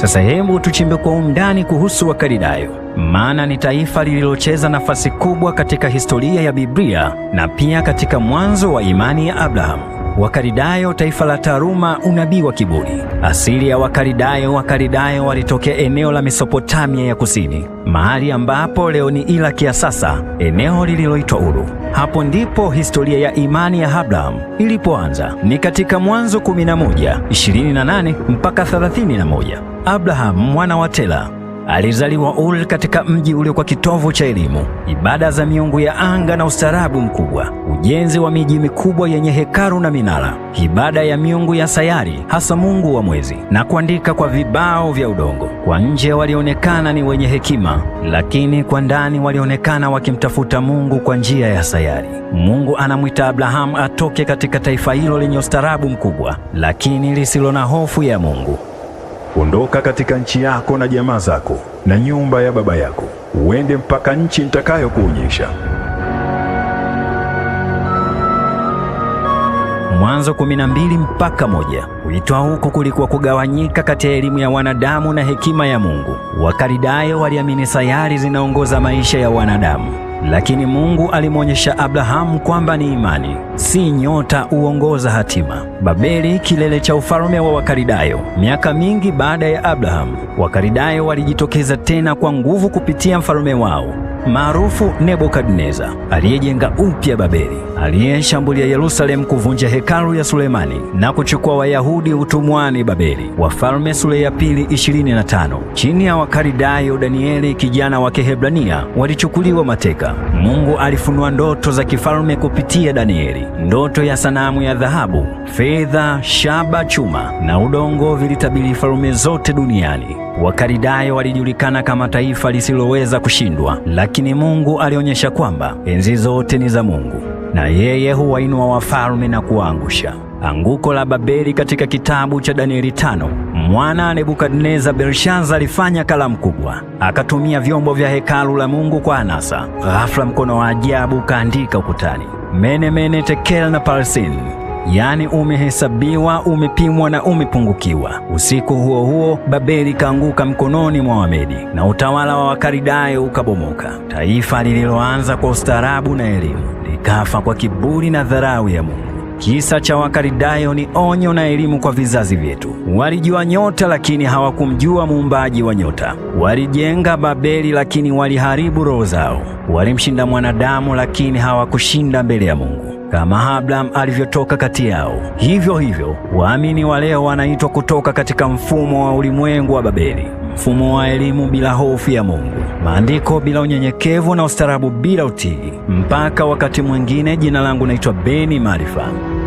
Sasa hebu tuchimbe kwa undani kuhusu Wakaldayo, maana ni taifa lililocheza nafasi kubwa katika historia ya Biblia na pia katika mwanzo wa imani ya Abrahamu. Wakaridayo, taifa la taaruma, unabii wa kiburi. Asili ya Wakaridayo. Wakaridayo walitokea eneo la Mesopotamia ya kusini, mahali ambapo leo ni Iraq ya sasa, eneo lililoitwa Uru. Hapo ndipo historia ya imani ya Abrahamu ilipoanza, ni katika Mwanzo 11:28 mpaka 31. Abrahamu mwana wa Tera Alizaliwa ul katika mji uliokuwa kitovu cha elimu, ibada za miungu ya anga na ustaarabu mkubwa, ujenzi wa miji mikubwa yenye hekalu na minara, ibada ya miungu ya sayari, hasa mungu wa mwezi, na kuandika kwa vibao vya udongo. Kwa nje walionekana ni wenye hekima, lakini kwa ndani walionekana wakimtafuta Mungu kwa njia ya sayari. Mungu anamwita Abrahamu atoke katika taifa hilo lenye ustaarabu mkubwa, lakini lisilo na hofu ya Mungu. Ondoka katika nchi yako na jamaa zako na nyumba ya baba yako, uende mpaka nchi nitakayokuonyesha. Mwanzo 12 mpaka moja. Kuitwa huko kulikuwa kugawanyika kati ya elimu ya wanadamu na hekima ya Mungu. Wakaridayo waliamini sayari zinaongoza maisha ya wanadamu lakini Mungu alimwonyesha Abrahamu kwamba ni imani, si nyota uongoza hatima. Babeli, kilele cha ufalme wa Wakaridayo. Miaka mingi baada ya Abrahamu, Wakaridayo walijitokeza tena kwa nguvu kupitia mfalme wao maarufu Nebukadneza, aliyejenga upya Babeli, aliyeshambulia Yerusalemu, kuvunja hekalu ya Sulemani na kuchukua Wayahudi utumwani Babeli. Wafalme sura ya pili na tano Chini ya Wakaridayo, Danieli kijana wa Kehebrania walichukuliwa mateka. Mungu alifunua ndoto za kifalme kupitia Danieli. Ndoto ya sanamu ya dhahabu, fedha, shaba, chuma na udongo vilitabiri falme zote duniani. Wakaridayo walijulikana kama taifa lisiloweza kushindwa, lakini Mungu alionyesha kwamba enzi zote ni za Mungu na yeye huwainua wafalme na kuwaangusha. Anguko la Babeli katika kitabu cha Danieli tano. Mwana Nebukadneza Belshaza alifanya kalamu kubwa, akatumia vyombo vya hekalu la Mungu kwa anasa. Ghafla mkono wa ajabu kaandika ukutani, mene mene tekel na parsin yaani umehesabiwa, umepimwa na umepungukiwa. Usiku huo huo Babeli ikaanguka mkononi mwa Wamedi na utawala wa Wakaridayo ukabomoka. Taifa lililoanza kwa ustaarabu na elimu likafa kwa kiburi na dharau ya Mungu. Kisa cha Wakaridayo ni onyo na elimu kwa vizazi vyetu. Walijua nyota lakini hawakumjua muumbaji wa nyota. Walijenga Babeli lakini waliharibu roho zao. Walimshinda mwanadamu lakini hawakushinda mbele ya Mungu kama Abrahamu alivyotoka kati yao, hivyo hivyo waamini wa leo wanaitwa kutoka katika mfumo wa ulimwengu wa Babeli, mfumo wa elimu bila hofu ya Mungu, maandiko bila unyenyekevu na ustarabu bila utii. Mpaka wakati mwingine, jina langu naitwa Beni Maarifa.